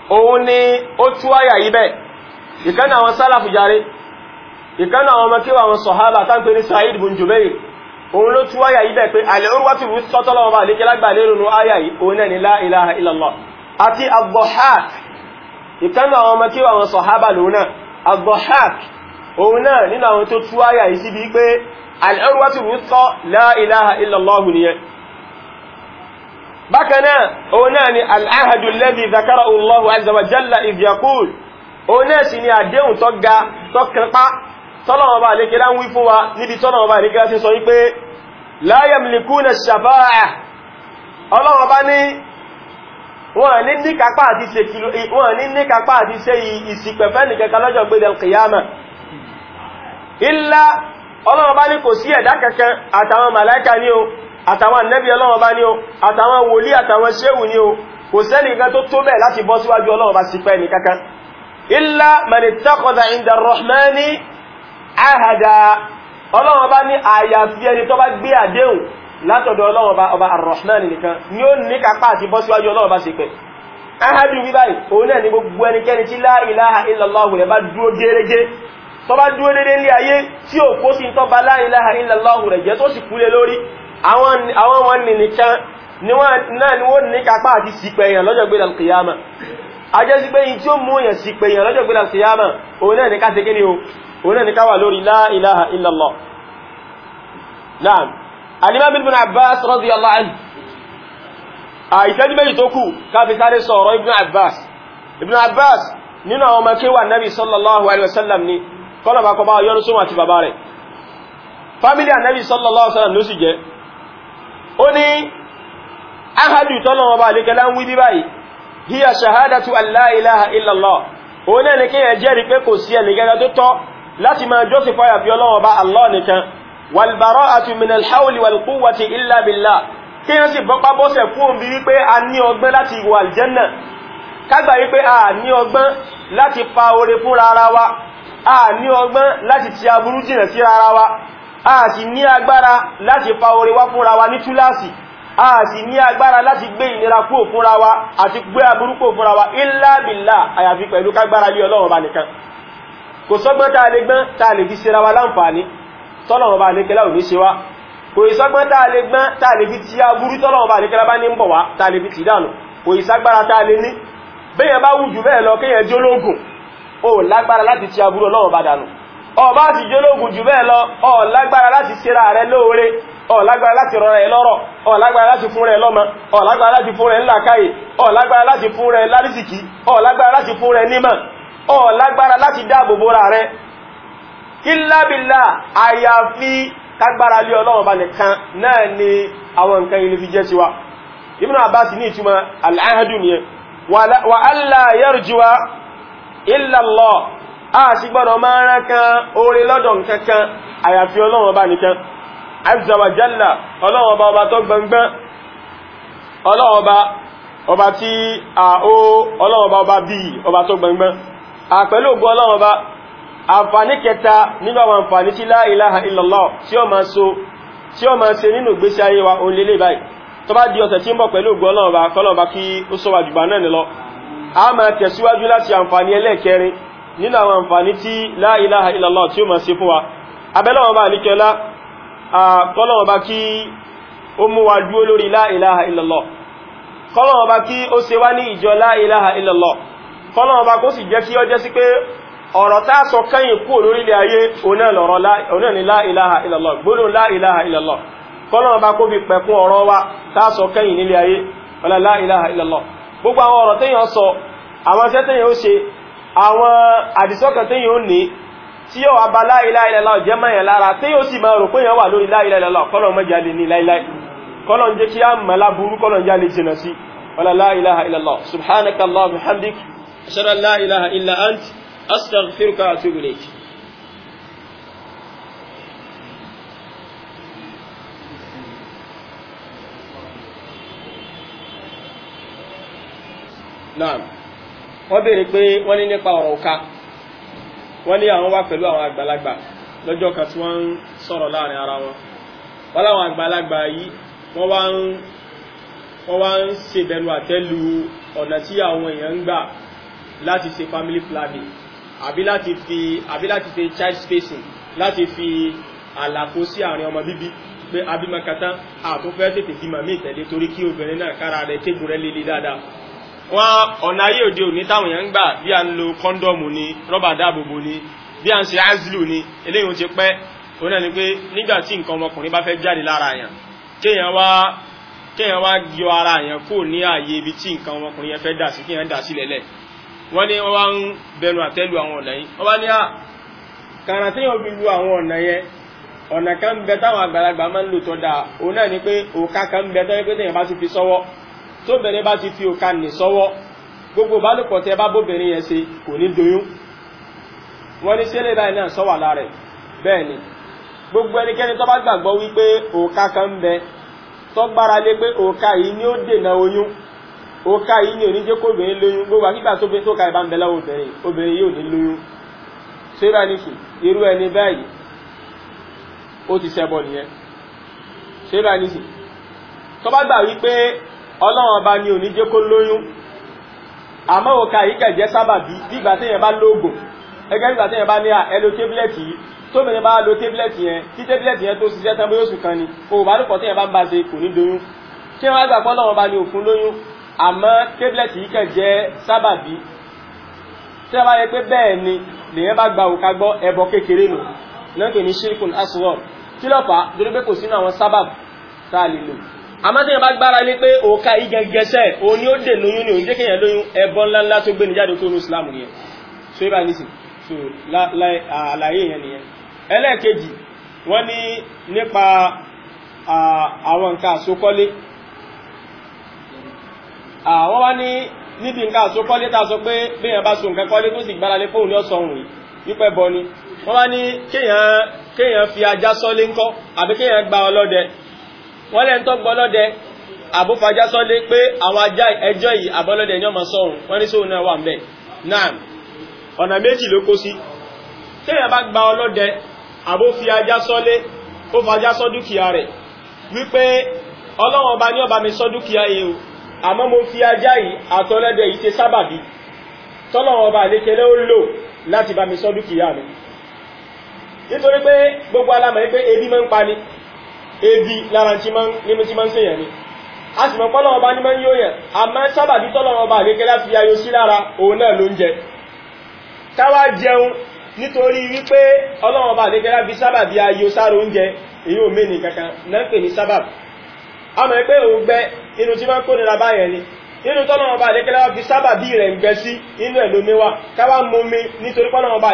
Speaker 1: òun ni ó tú àyà ibẹ̀ ìkánú àwọn sálàfù jàre ìkánú àwọn mẹ́kíwà àwọn sọ̀hábà tẹ́pẹ̀ ní Sa'id bin Jubair òun ló tú àyà ibẹ̀ pé al-urwatu sọ́tọ́lọ́wọ́ àti Ad-Dhahhak ìkánú àwọn mẹ́kíwà àwọn sọ̀hábà lónà Ad-Dhahhak òun náà nínú àwọn tó tú àyà yìí síbi pé al-urwatul wuthqa la ilaha illallah nìyẹn bákan náà òun náà ni al-ahadu alladhi dhakarahu Allahu azza wa jalla idh yaqul òun náà sì ni àdéhùn tó ga tó kẹpa tọ́lọ̀wọ̀n bá lékẹ́ láń wí fún wa níbi tọ́lọ̀wọ̀n bá lékẹ́ láti sọ wọ́n ní ní kápá àti ṣe ìsìpẹ̀fẹ́ nìkẹ́kẹ́ lọ́jọ́ gbé dẹ̀ kìyàmà ilá ọlọ́run bá ní kò sí ẹ̀dá kankan àtàwọn màláíkà ní o àtàwọn ànábì ọlọ́run bá ní o àtàwọn wòlíì àtàwọn ṣéwù ní o kò sẹ́ni kankan tó tó bẹ́ẹ̀ láti bọ́ síwájú ọlọ́run bá sí pẹ́ẹ́ni kankan ilá mẹ̀nìtàkọ̀dà ìdá rọ̀hmẹ́ni àhàdà ọlọ́run bá ní àyàfi ẹni tó bá gbé àdéhùn látọ̀dọ̀ ọlọ́run bá ọba arọ̀hmẹ́ni nìkan ni ó ahadu wíbáyìí òun náà ni gbogbo ẹnikẹ́ni tí la ilaha illallah dúró gẹ́rẹ́gẹ́ tó bá dúró dédé ní ayé tí ò kó sí tó bá la ilaha illallahu rẹ̀ jẹ́ tó sì kúlé lórí àwọn wọn ní nìkan náà ni wọ́n ní kápá àti sípẹ̀ èèyàn lọ́jọ́ gbé lọ́kìyàmà ajẹ́ sí pé yìí tí ó mú èèyàn sípẹ̀ èèyàn lọ́jọ́ gbé lọ́kìyàmà òun náà ní ká ṣe kíni o òun náà ní ká wà lórí la ilaha illallah naam alimam ibn abbas radiyallahu anhu nínú àwọn ọmọ kéwà nabi sallallahu alaihi wasallam ni kọ́nà bá kọba yọ́nú súnmọ̀ àti bàbá rẹ̀ fámílì ànábì sallallahu alaihi wasallam ló sì jẹ́ ó ní ahadu tọ́nà ọba àlékẹ́lá ń wí bí báyìí hiya shahadatu an la ilaha illallah òun náà ni kí ẹ jẹ́rìí pé kò sí ẹni gẹ́gẹ́ tó tọ́ láti máa jọ́sìn fọ́yà fi ọlọ́wọ́ bá Allah nìkan wal bara'atu min al hawli wal quwwati illa billah kí wọ́n sì bọ́pá bọ́sẹ̀ fún òun bí wípé a ní ọgbọ́n láti wọ àlìjẹ́nà kágbà wípé a ní ọgbọ́n láti fa oore fúnra ara wa a ní ọgbọ́n láti ti aburú jìnà sí ara wa a sì ní agbára láti fa oore wá fúnra wa ní túláàsì a sì ní agbára láti gbé ìnira kúrò fúnra wa àti gbé aburú kúrò fúnra wa illa billah àyàfi pẹ̀lú kágbára lé ọlọ́run ba nìkan kò sọ́gbọ́n tá a lè gbọ́n tá a lè fi ṣera wa láǹfààní tọ́lọ̀run ba nìkan láwọn ò ní ṣe wa kò ìsọ́gbọ́n tá a bẹ́yẹn bá wù bẹ́ẹ̀ lọ kéèyàn jólógùn o lágbára láti ti aburú ọlọ́wọ́ bá dànù ọba sì jólógun jù bẹ́ẹ̀ lọ ọ lágbára láti ṣera rẹ lóore ọ lágbára láti rọrọ ẹ lọ́rọ̀ ọ lágbára láti fún rẹ lọ́mọ ọ lágbára láti fún rẹ ńlàkáyè ọ lágbára láti fún rẹ lárísìkí ọ lágbára láti fún rẹ nímọ̀ ọ lágbára láti dáàbò rẹ wa alla yarjuwa illallah a sì gbọ́dọ̀ máa rán kan oore lọ́dọ̀ nǹkan kan àyàfi ọlọ́run nìkan ọba ọba tó gbọngbọ́n ọba ọba tí a ó ọlọ́run ọba ọba ọba tó gbọngbọ́n a àǹfààní kẹta nínú àwọn àǹfààní tí ilaha tí ó máa so tí ó máa ṣe nínú ìgbésí ayé wa òun báyìí tó bá di ọ̀sẹ̀ tí ń bọ̀ pẹ̀lú ògbó ọba kọ́lọ́run a máa tẹ̀síwájú láti àǹfààní ẹlẹ́ẹ̀kẹrin nínú àwọn àǹfààní tí la ilaha illallah tí ó máa ṣe fún wa abẹ́lọ́wọ́n bá àlíkẹ́lá kọ́lọ́wọ́n bá kí ó mú wa dúó lórí la ilaha illallah kọ́lọ́wọ́n bá kí ó ṣe la ilaha illallah kọ́lọ́wọ́n bá kó sì jẹ́ kí ó jẹ́ sí pé ọ̀rọ̀ tá sọ kẹ́yìn kú lórílẹ̀ ayé la ilaha illallah gbólóhùn la ilaha illallah kọ́lọ́wọ́n bá kó la ilaha illallah gbogbo àwọn ọ̀rọ̀ téèyàn sọ àwọn iṣẹ́ tẹ́yìn ó ṣe àwọn àdìsọ́kàn tẹ́yìn ó ní tí yóò abá la ilaha illallah jẹ́ mọ́yàn lára tí yóò sì máa rò pé yẹn wà lórí la ilaha illallah kọ́nà mọ́jà lè ní láíláí kọ́nà jẹ́ kí á mọ̀ láburú wọ́n béèrè pé wọ́n ní nípa ọ̀rọ̀ òka wọ́n ní àwọn wá pẹ̀lú àwọn àgbàlagbà lọ́jọ́ kan tí wọ́n ń sọ̀rọ̀ láàrin ara wọn wọ́n láwọn àgbàlagbà yìí wọ́n wá ń wọ́n wá ń ṣèbẹ̀nu àtẹ́lu ọ̀nà tí àwọn èèyàn ń gbà láti ṣe family planning àbí láti fi àbí láti fi child spacing láti fi àlàfo sí àárín ọmọ bíbí pé abímọ kàtán àtúnfẹ́ tètè bímọ mí ìtẹ̀lé torí kí obìnrin náà kára rẹ̀ kégun rẹ̀ lélẹ̀ dáadáa wọ́n ọ̀nà ayé òde òní táwọn èèyàn ń gbà bí a ń lo kọ́ndọ̀mù ni rọ́bà dáàbòbò ni bí a ń ṣe azlu ni eléyìí ó ti pẹ́ òun náà ni pé nígbà tí nǹkan ọmọkùnrin bá fẹ́ jáde lára yàn kéèyàn wá kéèyàn wá yọ ara yàn kó ní ààyè ibi tí nǹkan ọmọkùnrin yẹn fẹ́ dà sí kéèyàn dà sí lẹ́lẹ̀ wọ́n ní wọ́n wá ń bẹnu àtẹ́lu àwọn ọ̀nà yìí wọ́n wá ní à ah, kàrà tí yóò fi lu àwọn ọ̀nà yẹn ọ̀nà kan bẹ táwọn àgbàlagbà máa ń lò tọ́ da òun náà ni pé òkà kan bẹ tọ́ pé téèyàn bá ti fi sọ́wọ́ tó bá ti fi òka nì sọ́wọ́ gbogbo ìbálòpọ̀ tẹ́ bá bóbìnrin yẹn ṣe kò ní doyún wọn ní ṣẹlẹ̀ báyìí náà sọ́wà lára ẹ̀ bẹ́ẹ̀ ni gbogbo ẹnikẹ́ni tó bá gbàgbọ́ wípé òka kan ń bẹ tó gbára lé pé òka yìí ni ó dènà oyún òka yìí ni jẹ́ kó obìnrin lóyún gbogbo àkíkà tó fi tóka ìbá ń bẹ lọ́wọ́ obìnrin obìnrin yóò ní lóyún ṣé bá irú ẹni báyìí ó ti ṣẹbọ nìyẹn ṣé bá nìṣù tó bá gbà wípé ọlọ́run ọba ni ò ní jẹ́ kó lóyún àmọ́ òka yìí kẹ̀jẹ́ sábàbí bígbà téèyàn bá lóògùn ẹgẹ́ bígbà téèyàn bá ní à ẹ yìí tóbìnrin bá lo tébílẹ̀tì yẹn tí tébílẹ̀tì yẹn tó ṣiṣẹ́ tán bóyá oṣù kan ni òòbá lùpọ̀ téèyàn bá ń ba ṣe kò ní doyún kí wọ́n á gbà pé ọlọ́run ọba ni òfun lóyún àmọ́ tébílẹ̀tì yìí kẹ̀jẹ́ sábàbí tí wọ́n bá yẹ pé bẹ́ẹ̀ ni lèyẹn bá gba òka gbọ́ ẹbọ kékeré nù náà pè ní ṣírkùn aswọ́ọ̀ kí lọ́pàá torí pé kò sínú àwọn sábàbí tá a lè lò àmọ́ tí yẹn bá gbára lé pé òka igẹgẹsẹ̀ òun ni ó dè lóyún ni òun jẹ́ kéèyàn lóyún ẹbọ ńláńlá tó gbé jáde kúrò islam nìyẹn so ibà nísìn so àlàyé yẹn nìyẹn ẹlẹ́ẹ̀kejì wọ́n ní nípa àwọn nǹkan àsokọ́lé àwọn wá ní níbi nǹkan àsokọ́lé tá a sọ pé bí yẹn bá so nǹkan kọ́lé tó sì gbára lé fóun ní ọ̀sán òun yìí wípé bọ ni wọ́n wá ní kéèyàn fi ajá sọ́lé ńkọ́ àbí kéèyàn gba ọlọ́dẹ wọ́n lẹ́nu tó gbọ́ lọ́dẹ àbúfajá sọ́lé pé àwọn ajá ẹjọ́ yìí àbọ́lọ́dẹ ni ọmọ sọ́hun wọ́n ní sóhun náà wà mẹ́ náà ọ̀nà méjì ló kó sí téèyàn bá gba ọlọ́dẹ àbófi ajá sọ́lé ó fajá sọ dúkìá rẹ̀ wípé ọlọ́wọ́n ọba ní ọba mi sọ dúkìá yìí o àmọ́ mo fi ajá yìí àtọ́lọ́dẹ yìí ti sábàbí tọ́lọ́wọ́n ọba àlékelé ó lò láti bá mi sọ dúkìá mi nítorí pé gbogbo alámọ̀ yìí pé ebi máa ń pa ni ebi lára nínú sèyàn ni a sì mọ̀ pọ́lọ́ ọba n'ime máa ń yóyàn àmọ́ sábàbí tọ́lọ́ ọba àgbékẹ́ láti sí lára òun náà ló ń jẹ jẹun nítorí wípé ọlọ́run ọba àgbékẹ́ láti sábàbí ayọ sára oúnjẹ èyí ò mẹ́ni kankan náà pè a inú tí báyẹn ni ọba àdékẹ́lá fi sábàbí rẹ̀ ń gbẹ sí inú ẹ̀ lómi wá káwá mú mi nítorí ọba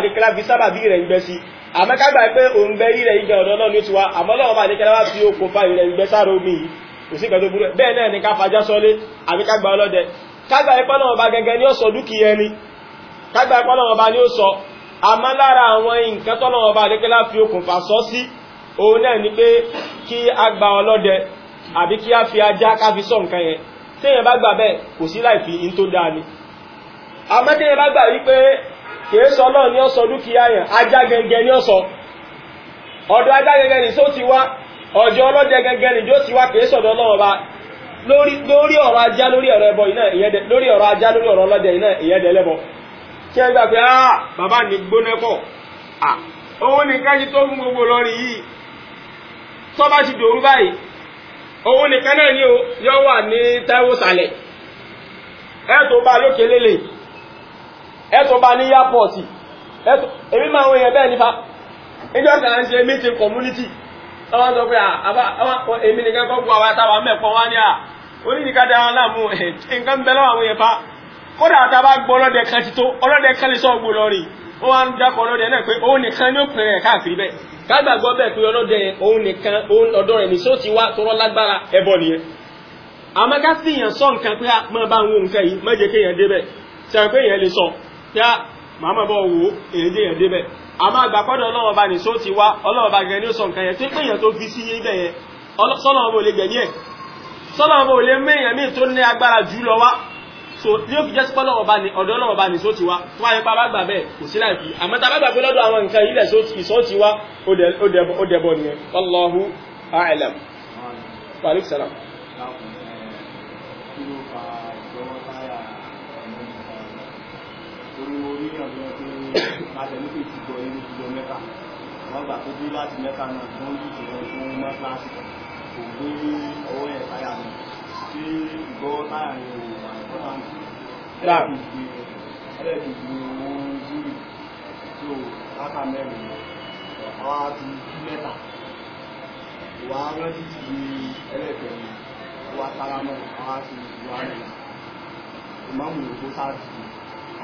Speaker 1: fi rẹ̀ ń àmọ́ ká gbà pé òun bẹ ilẹ̀ ìgbà ọ̀dọ́ náà ní ti wá àmọ́ lọ́wọ́ bá nìkẹ́lá wá fi okùn fa ìrẹ̀ ìgbẹ́ sára omi yìí kò burú bẹ́ẹ̀ náà ni ká fajá sọ́lé àbí ká gbà ọlọ́dẹ ká gbà ipá náà bá gẹ́gẹ́ ní ọ̀sọ̀ dúkìá ẹni ká gbà ipá náà ni pé kí a gbà ọlọ́dẹ àbí kí a fi ajá ká fi sọ nǹkan yẹn téèyàn kìí náà ni ọsọ dúkìá yẹn ajá gẹngẹ ni ọ̀sọ̀ ọ̀dọ̀ ajá gẹngẹ ni so ti wá ọ̀dọ̀ ni jó ti wá náà bá lórí ọrọ ajá lórí ọ̀rọ̀ ẹbọ iná ìyẹ́dẹ lórí ajá lórí iná kí ẹ gbà pé ah bàbá ní pọ ah ni tó fún gbogbo yìí ti báyìí ni ẹ̀tọ́ bá ní airport ẹ̀tọ́ èmi máa wọ èèyàn bẹ́ẹ̀ nípa níjọ́ kan ń ṣe meeting community àwọn sọ pé èmi nìkan kọ́ gbọ́ àwọn àtàwọn mẹ́fọ́ wá ní à onídìkadà wọn láàmú nǹkan bẹ́ẹ̀ lọ́wọ́ àwọn èèyàn pa kódà àtàwọn gbọ́ ọlọ́dẹ kan ti tó ọlọ́dẹ kan lè sọ ògbó lọ rìn ó wá ń dákọ̀ ọlọ́dẹ náà pé òun nìkan ni ó pèrè káàkiri bẹ́ẹ̀ kágbàgbọ́ bẹ́ẹ̀ pé ọlọ́dẹ òun nìkan ọ̀dọ́ rẹ̀ ní só ti wá tọrọ lágbára ẹbọ nìyẹn àmọ́ ká sì yàn sọ nǹkan pé mọ́ bá ń nǹkan yìí mọ́jẹ́ kéèyàn débẹ̀ sẹ́wọ́n pé èèyàn lè sọ yá màmá bọ̀ wo èdè yẹn débẹ̀ àmọ́ àgbàkọ́dọ̀ ọlọ́wọ́n bá ní só ti wá ọlọ́wọ́n bá gẹ̀ ní sọ nǹkan yẹn tí péyàn tó fi sí yé bẹ̀ yẹn sọ́lọ́wọ́n bò lè gẹ̀ ní ẹ̀ sọ́lọ́wọ́n bò lè méyàn míì tó ní agbára jù lọ wá so yóò fi jẹ́ sí pọ́lọ́wọ́n bá ní ọ̀dọ̀ ọlọ́wọ́n bá ní só ti wá tó wáyé pa bá gbà bẹ́ẹ̀ kò sí láì fi àmọ́ tá bá gbà pé lọ́dọ̀ àwọn nǹkan yìí lẹ̀ só ti wá ó dẹ̀bọ̀ nìyẹn wallahu a'lam. Wa alaikum salam. torí mo rí ìyàn lọ pé àtẹnukù ti gbọ́ ilé ìjọ mẹ́ta wọ́n gbà tó dé láti mẹ́ta náà tó ń yíjọ rẹ̀ fún mọ́ kíláàsì kò gbé ọwọ́ ẹ̀ táyà mi tí ìgbọ́ táyà yẹn wò wà ìfọ́tàǹtì ẹlẹ́kìjì ẹlẹ́kìjì wọn zúrì tó látà mẹ́rin àwa ti kí mẹ́ta wà á rántí ti ẹlẹ́kẹ̀rin wà á sálámọ̀ àwa ti wà á nìyà ìmáàmù yòókù sáà ti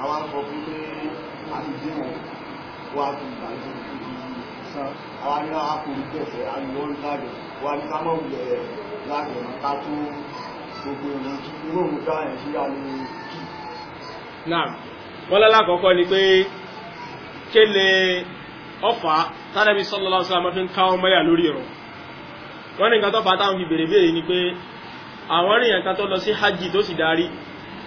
Speaker 1: àwọn akọ fún pé àdìdí wọn wá ti ìgbàlódé san àwọn aná akùnrin tẹ̀sẹ̀ àyọ̀ ń lájọ wà ní sámọ̀ wulẹ̀ lájọ ká tó gbogbo ìrìn kí irú òun dá nàìjíríà ní kí. náà wọ́n lálákọ̀ọ́kọ́ ni pé kéle ọfà tánàbí sallallahu alaihi wasallam fi ń ká ọmọ yà lórí ọ̀rọ̀ wọ́n ní nǹkan tó fà táwọn fi bèrè bèrè ni pé àwọn èèyàn kan tó lọ sí hajj tó sì darí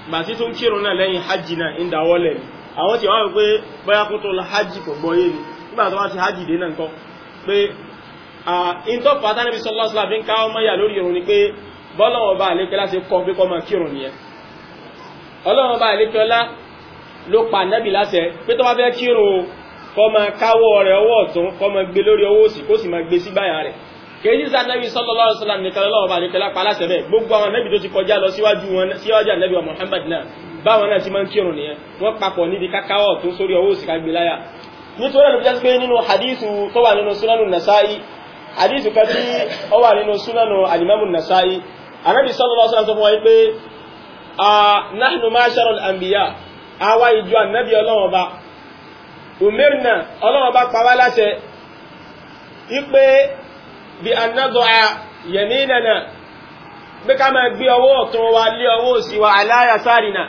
Speaker 1: gbàtí tó ń kírun náà lẹ́yìn hajj náà ń dáwọ́ lẹ̀ ni àwọn tí wọ́n wọ́n pé bóyá kó tó lọ hajj kò gbọ́yé ni nígbà tó wá sí hajj dé náà nǹkan pé ìntọ́ pátá níbi sọ́lá sílá fi ń ká ọmọ yà lórí irun ni pé bọ́lọ́wọ́ bá àlékẹ́ láti kọ́ pé kọ́ máa kírun nìyẹn ọlọ́wọ́ bá àlékẹ́ ọlá ló pa láṣẹ pé tó bá fẹ́ kírun kọ́ máa káwọ́ rẹ̀ ọwọ́ ọ̀tún kọ́ máa gbé lórí ọwọ́ òsì kó sì máa kèyí sí anabi sallallahu alaihi wasallam nìkan lọ́wọ́ bá nìkan lápá aláṣẹ bẹ́ẹ̀ gbogbo àwọn anabi tó ti kọjá lọ síwájú wọn síwájú anabi wa muhammad náà báwọn náà ti máa ń kírun nìyẹn wọ́n papọ̀ níbi kákáwọ̀ tó sórí ọwọ́ òsì kágbé láyà nítorí ẹ̀rọ jẹ́ pé nínú hadithu tó wà nínú sunanu nasa'i hadithu kan tí ó wà nínú sunanu alimamu nasa'i anabi sallallahu alaihi sọ fún wa pé nahnu bí anádọ́a yẹ̀mínàna bí ká máa gbé ọwọ́ ọ̀tún wa lé ọwọ́ òsì wa aláyà sáàrìnà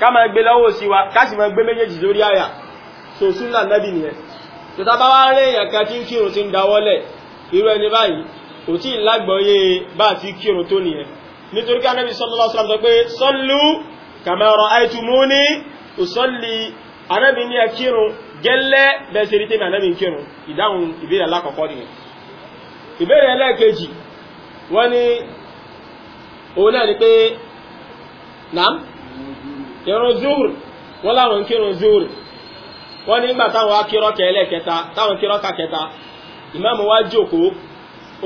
Speaker 1: ká máa gbé lọ́wọ́ òsì wa ká sì máa gbé méjèèjì lórí àyà tó súnà nábì nìyẹn tó tá bá wá rẹ̀ èèyàn kan tí ń kírun ti ń dawọ́lẹ̀ irú ẹni báyìí kò tí ì lágbọ́yé bá àti kírun tó nìyẹn nítorí ká nábì sallallahu alaihi sọ pé sallu kama ra'aytumuni usalli anábì ní ẹ kírun gẹ́lẹ́ bẹ́ẹ̀ ṣe rí tèmi anábì kírun ìdáhùn ìbéèrè ìbéèrè ẹlẹ́ẹ̀kejì wọ́n ní òun náà ni pé nàám ìrun zuhur wọ́n láwọn ń kírun zuhur wọ́n ní nígbà táwọn akírọ́kẹ̀ ẹlẹ́ẹ̀kẹta táwọn kírọ́kà kẹta ìmáàmù wá jókòó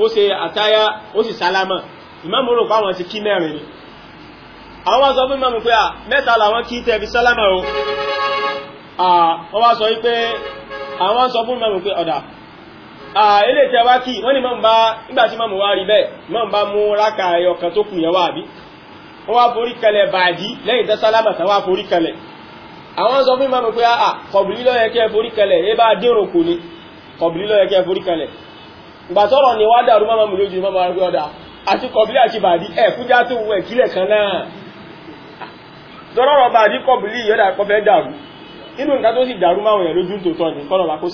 Speaker 1: ó ṣe àtáyá ó sì sálámà ìmáàmù rò pé àwọn ti kí mẹ́rin ni àwọn wá sọ fún ìmáàmù pé à mẹ́ta làwọn kí tẹ̀bi sálámà o wọ́n wá sọ wípé àwọn sọ fún ìmáàmù pé ọ̀dà ilé ah, tẹwà kí wọ́n ni mọ́m bá nígbàtí mọ́m wá rí bẹ́ẹ̀ mọ́m bá mú rákà ẹyọ kan tó kù yẹn wà bí wọ́n wá forí kalẹ̀ bàjí lẹ́yìn tẹ́sálámà tán wá forí kalẹ̀ àwọn sọ fún mọ́m pé àà ah, ah, kọ̀bìlì ló yẹ kẹ́ forí kalẹ̀ ẹ bá dín òkú ni kọ̀bìlì ló yẹ kẹ́ forí kalẹ̀ ìgbà tọrọ ni wá dàrú mọ́m lójú mọ́m wá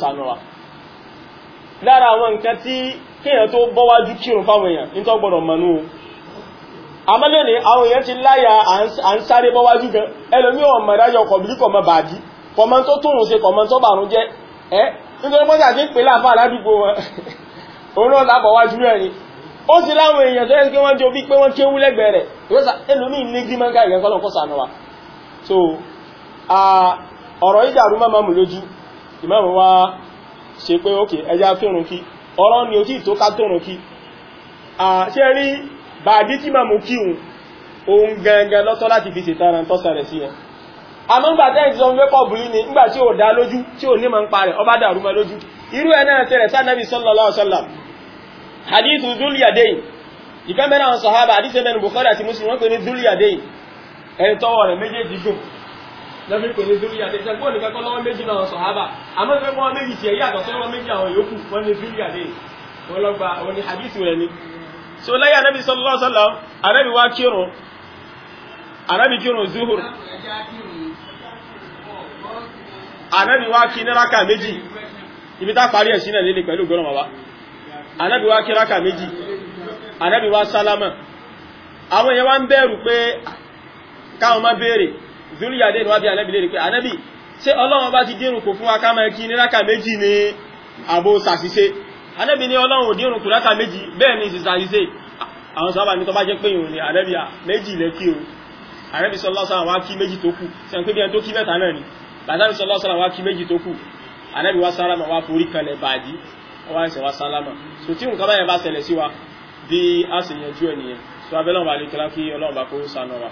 Speaker 1: rí ọ̀dà lára àwọn nǹkan tí kéèyàn tó bọ́wájú kírun fáwọn èèyàn nítọ́ gbọ́dọ̀ mọ̀nú o àmọ́ lónìí àwọn èèyàn ti láyà à ń sáré bọ́wájú gan ẹlòmí ò mọ̀ dájọ́ kọ̀bílí kọ̀ mọ̀ bàdí kọ̀mọ́ tó tóun ṣe kọ̀mọ́ tó bàrún jẹ́ ẹ́ nítorí pọ́sí àti pè láàfà aládùúgbò wọn òun náà lábọ̀ wájú rẹ̀ ni ó sì láwọn èèyàn tó yẹ so ọ̀rọ̀ ìdàrú mọ́ mọ́ lójú ìmọ̀ wa ṣe pé ókè ẹjá kírun kí ọ̀rọ̀ ni ó tí tó ká kírun kí ṣe rí bàdí tí màmú kíhun ohun gangan lọ́tọ́ láti fi ṣètara ń tọ́sà rẹ̀ sí ẹ àmọ́ ń gbà tẹ́yìn tí wọ́n fẹ́ pọ̀ bùrú ni ńgbà tí ò dá lójú tí ò ní máa ń pa rẹ̀ ọba dàrú mọ́ lójú irú ẹ̀ náà ṣẹlẹ̀ sánẹ́bí sallallahu alaihi wasallam hadithu dhul yadayn ìkẹ́mẹ́rẹ́ àwọn sàhábà hadithu ẹ̀mẹ́nu Bukhari àti Muslim wọ́n pè lọ́fí pè ní zúríyà dé ṣe gbọ́n nìkan kọ́ lọ́wọ́ méjì náà sọ̀hábà àmọ́ ìfẹ́ wọn méjì tiẹ̀ yàtọ̀ sọ́wọ́ méjì àwọn yòókù wọn ní zúríyà dé wọn lọ gba òun ní hadith rẹ ni. so lẹ́yìn anabi sallallahu alaihi wasallam anabi wa kírun anabi kírun zuhur anabi wa kí ní raka méjì ibi tá a parí ẹ̀ sí náà nílé pẹ̀lú gbọ́dọ̀ wàwá anabi wa kí raka méjì anabi wa sálámà àwọn yẹn wá ń bẹ̀rù pé káwọn má béèrè zuliyade ni wọ́n bí anábì lérí pé anábì ṣé ọlọ́run bá ti dírun kù fún wa ká máa kí ní rákà méjì ní àbò sàṣìṣe anábì ní ọlọ́run ò dírun kù rákà méjì bẹ́ẹ̀ ni sì sàṣìṣe àwọn sábà ní tó bá jẹ́ pé ìhùn ni anábì méjì lẹ́kí o anábì sallallahu alaihi wasallam wá kí méjì tó kù sẹ́yìn pé bí ẹni tó kí mẹ́ta náà ni bàtàbí sallallahu alaihi wasallam wá kí méjì tó kù anábì Wa sálámà wá forí kanlẹ̀ bàdí wá se wá sálámà so tí nǹkan báyẹn bá ṣẹlẹ̀ sí wa bí a sì yanjú ẹ̀ nìyẹn so abẹ́lẹ́